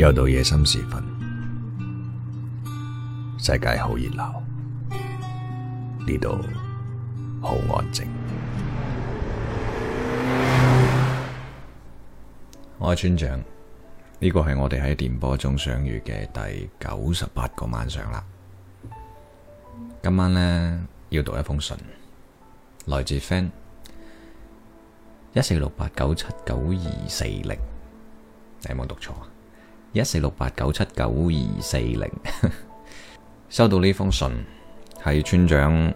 又到夜深時分，世界好熱鬧，呢度好安靜。 我係村長，呢個係我哋喺電波中相遇嘅第九十八個晚上啦。今晚呢，要讀一封信，來自 Fan 一四六八九七九二四零，40，你有冇讀錯啊？一四六八九七九二四零， 收到呢封信係村長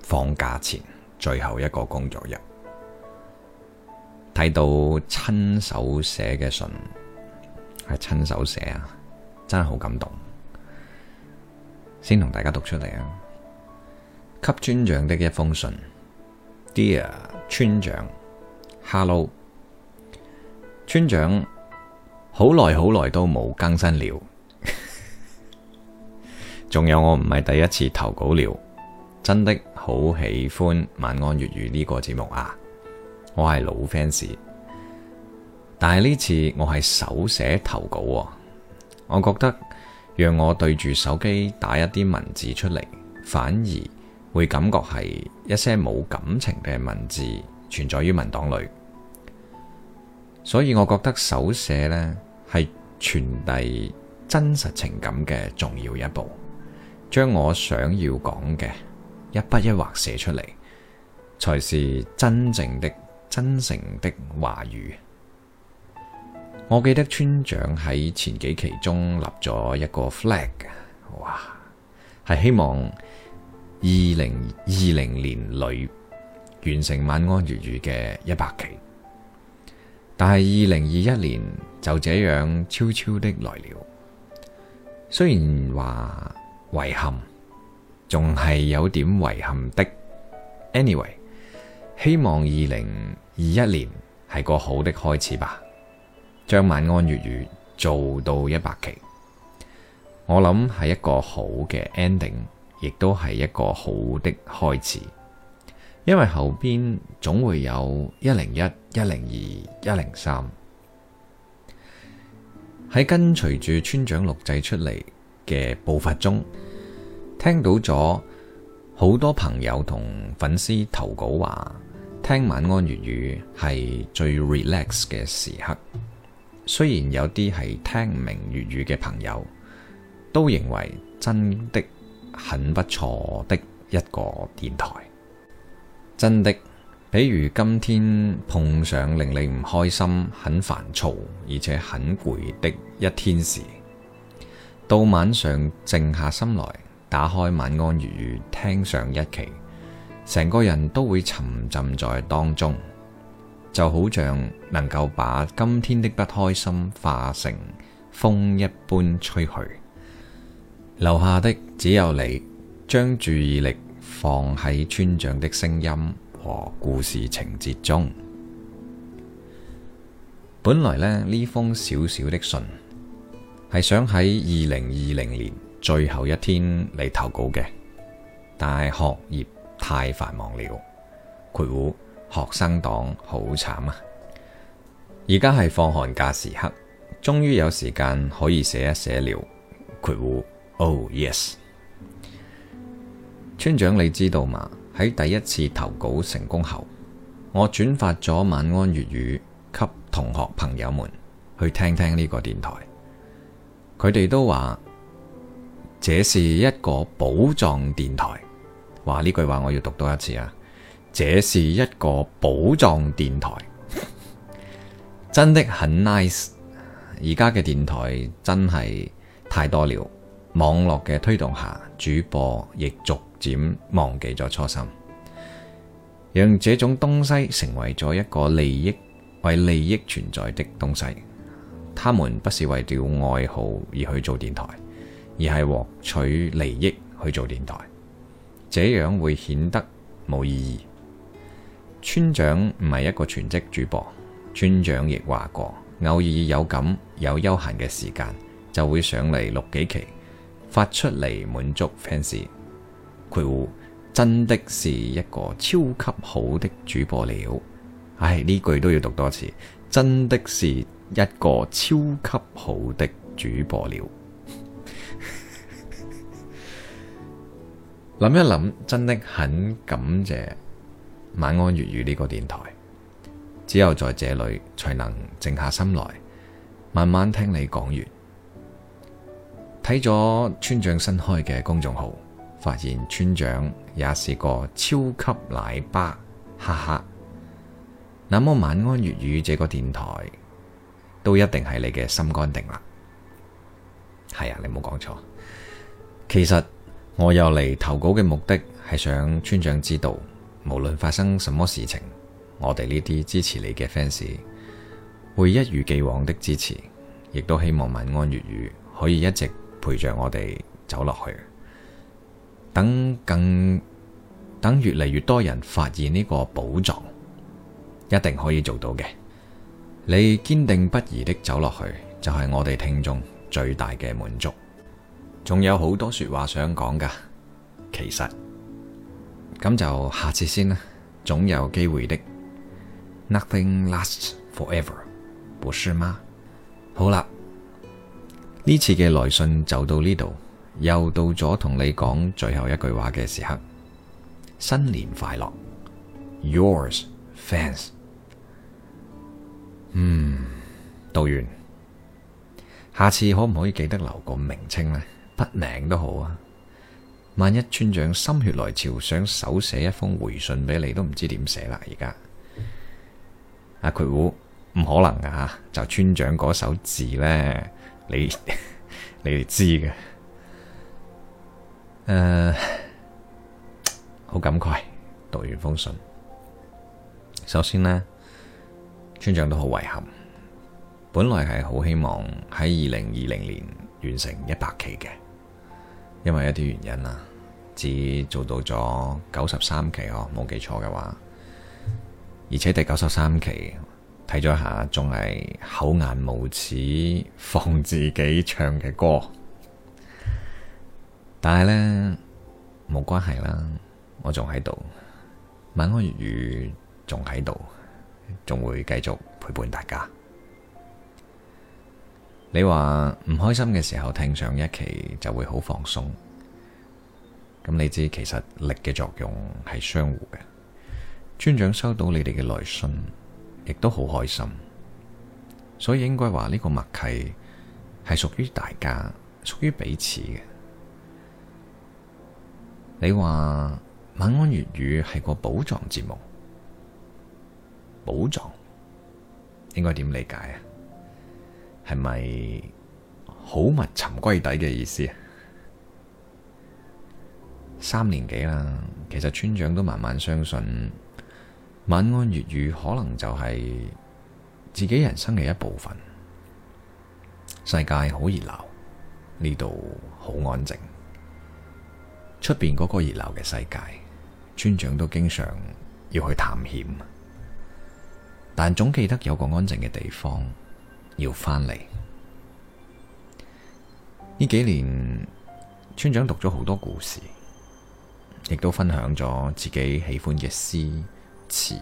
放假前最後一個工作日。睇到親手寫嘅信係親手寫啊，真係好感動，先同大家讀出嚟啊！給村長的一封信，Dear 村長，Hello，村長。好耐好耐都冇更新了， 仲有我唔係第一次投稿了，真的好喜歡晚安粵語呢個節目啊，我係老 fans，但係呢次我係手寫投稿啊，我覺得讓我對住手機打一啲文字出嚟，反而會感覺係一些冇感情嘅文字存在於文檔裏。所以，我覺得手寫呢係傳遞真實情感嘅重要一步，將我想要講嘅一筆一畫寫出嚟，才是真正的、真誠的話語。我記得村長喺前幾期中立咗一個 flag，哇，係希望二零二零年裏完成晚安粵語嘅一百期。但係二零二一年就這樣悄悄的來了，雖然話遺憾，仲係有點遺憾的。Anyway，希望二零二一年係個好的開始吧。將晚安粵語做到一百期，我諗係一個好嘅 ending，亦都係一個好的開始。因為後邊總會有一零一、一零二、一零三，喺跟隨住村長錄製出嚟嘅步伐中，聽到咗好多朋友同粉絲投稿話，聽晚安粵語係最 relax 嘅時刻。雖然有啲係聽唔明粵語嘅朋友，都認為真的很不錯的一個電台。真的，比如今天碰上令你唔開心、很煩躁而且很攰的一天時，到晚上靜下心來，打開晚安粵語聽上一期，成個人都會沉浸在當中，就好像能夠把今天的不開心化成風一般吹去，留下的只有你將注意力，放喺村長的聲音和故事情節中。本來呢，呢封小小的信係想喺二零二零年最後一天嚟投稿嘅，但係學業太繁忙了。括弧，學生黨好慘啊！而家係放寒假時刻，終於有時間可以寫一寫了。括弧，oh yes。村長，你知道嗎？喺第一次投稿成功後，我轉發咗晚安粵語給同學朋友們去聽聽呢個電台。佢哋都話這是一個寶藏電台。話呢句話我要讀多一次啊！這是一個寶藏電台， 真的很 nice。而家嘅電台真係太多了，網絡嘅推動下，主播亦逐漸忘記咗初心，讓這種東西成為咗一個利益為利益存在的東西。他們不是為了愛好而去做電台，而係獲取利益去做電台，這樣會顯得冇意義。村長唔係一個全職主播，村長亦話過，偶爾有咁有休閒嘅時間，就會上嚟錄幾期，發出嚟滿足 fans。佢真的是一個超級好的主播了，唉、哎，呢句都要讀多次。真的是一個超級好的主播了，諗 一諗，真的很感謝晚安粵語呢個電台，只有在這裏才能靜下心來，慢慢聽你講完。睇咗村長新開嘅公眾號。發現村長也是個超級奶爸，哈哈！那麼晚安粵語這個電台，都一定係你嘅心肝定啦。係啊，你冇講錯。其實我又嚟投稿嘅目的係想村長知道，無論發生什麼事情，我哋呢啲支持你嘅 fans 會一如既往的支持，亦都希望晚安粵語可以一直陪着我哋走落去。等更等越嚟越多人發現呢個寶藏，一定可以做到嘅。你堅定不移的走落去，就係我哋聽眾最大嘅滿足。仲有好多說話想講噶，其實咁就下次先啦，總有機會的。Nothing lasts forever，不是嗎？好啦，呢次嘅來信就到呢度。又到咗同你講最後一句話嘅時刻，新年快樂，Yours fans。嗯，讀完，下次可唔可以記得留個名稱呢？筆名都好啊。萬一村長心血來潮想手寫一封回信俾你，都唔知點寫啦。而家阿闊虎唔可能噶吓，就村長嗰手字咧，你你哋知嘅。誒，好，uh，感慨，讀完封信。首先呢，村長都好遺憾，本來係好希望喺二零二零年完成一百期嘅，因為一啲原因啊，只做到咗九十三期哦，冇記錯嘅話，而且第九十三期睇咗下，仲係厚顏無恥，放自己唱嘅歌。但係咧，冇關係啦，我仲喺度，晚安粵語仲喺度，仲會繼續陪伴大家。你話唔開心嘅時候聽上一期就會好放鬆。咁你知其實力嘅作用係相互嘅。村長收到你哋嘅來信，亦都好開心，所以應該話呢個默契係屬於大家，屬於彼此嘅。你話晚安粵語係個寶藏節目，寶藏應該點理解啊？係咪好物沉歸底嘅意思啊？三年幾啦，其實村長都慢慢相信晚安粵語可能就係自己人生嘅一部分。世界好熱鬧，呢度好安靜。出邊嗰個熱鬧嘅世界，村長都經常要去探險，但總記得有個安靜嘅地方要翻嚟。呢幾年，村長讀咗好多故事，亦都分享咗自己喜歡嘅詩詞、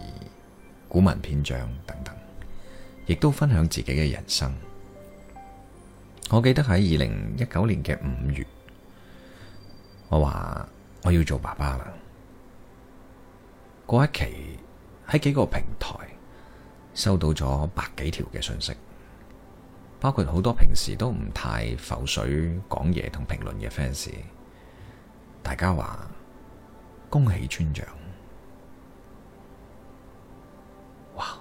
古文篇章等等，亦都分享自己嘅人生。我記得喺二零一九年嘅五月。我話我要做爸爸啦！嗰一期喺幾個平台收到咗百幾條嘅信息，包括好多平時都唔太浮水講嘢同評論嘅 fans，大家話恭喜村長，哇！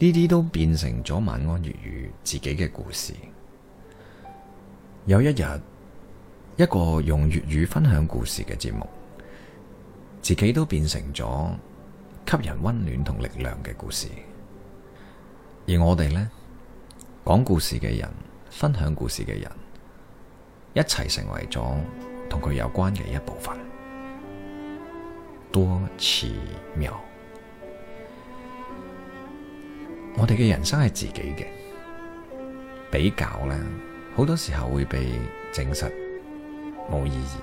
呢啲都變成咗晚安粵語自己嘅故事。有一日。一個用粵語分享故事嘅節目，自己都變成咗給人温暖同力量嘅故事。而我哋呢，講故事嘅人，分享故事嘅人，一齊成為咗同佢有關嘅一部分。多奇妙！我哋嘅人生係自己嘅，比較呢好多時候會被證實。冇意義，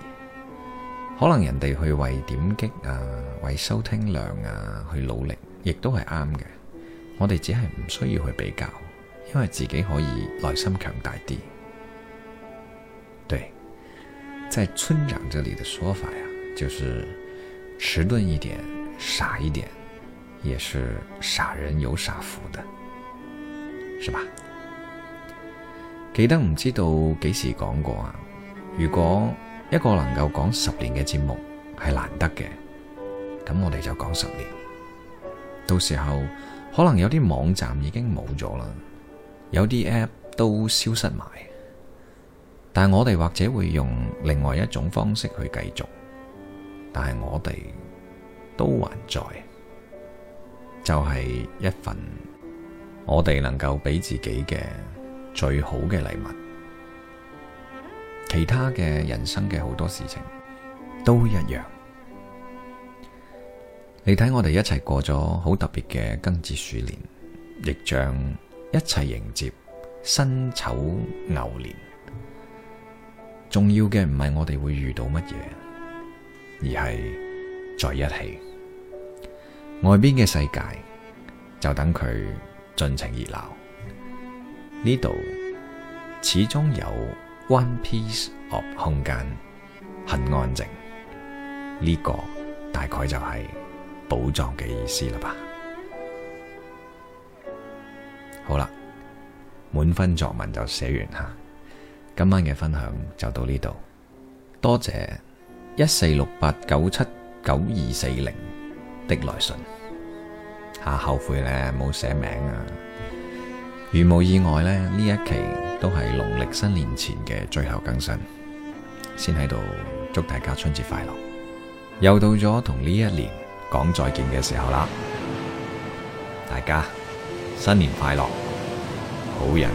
可能人哋去為點擊啊、為收聽量啊去努力，亦都係啱嘅。我哋只係唔需要去比較，因為自己可以內心強大啲。對，即、就、係、是、村長這裏的說法呀、啊，就是遲鈍一點、傻一點，也是傻人有傻福的，是吧？記得唔知道幾時講過啊？如果一個能夠講十年嘅節目係難得嘅，咁我哋就講十年。到時候可能有啲網站已經冇咗啦，有啲 app 都消失埋。但係我哋或者會用另外一種方式去繼續，但係我哋都還在，就係一份我哋能夠俾自己嘅最好嘅禮物。其他嘅人生嘅好多事情都一樣，你睇我哋一齊過咗好特別嘅庚子鼠年，亦將一齊迎接辛丑牛年。重要嘅唔係我哋會遇到乜嘢，而係在一起。外邊嘅世界就等佢盡情熱鬧，呢度始終有。One piece of 空間很安靜，呢、這個大概就係寶藏嘅意思啦吧。好啦，滿分作文就寫完吓，今晚嘅分享就到呢度。多謝一四六八九七九二四零的來信，下、啊、後悔咧冇寫名啊。如冇意外呢，呢一期都係農曆新年前嘅最後更新，先喺度祝大家春節快樂！又到咗同呢一年講再見嘅時候啦，大家新年快樂，好人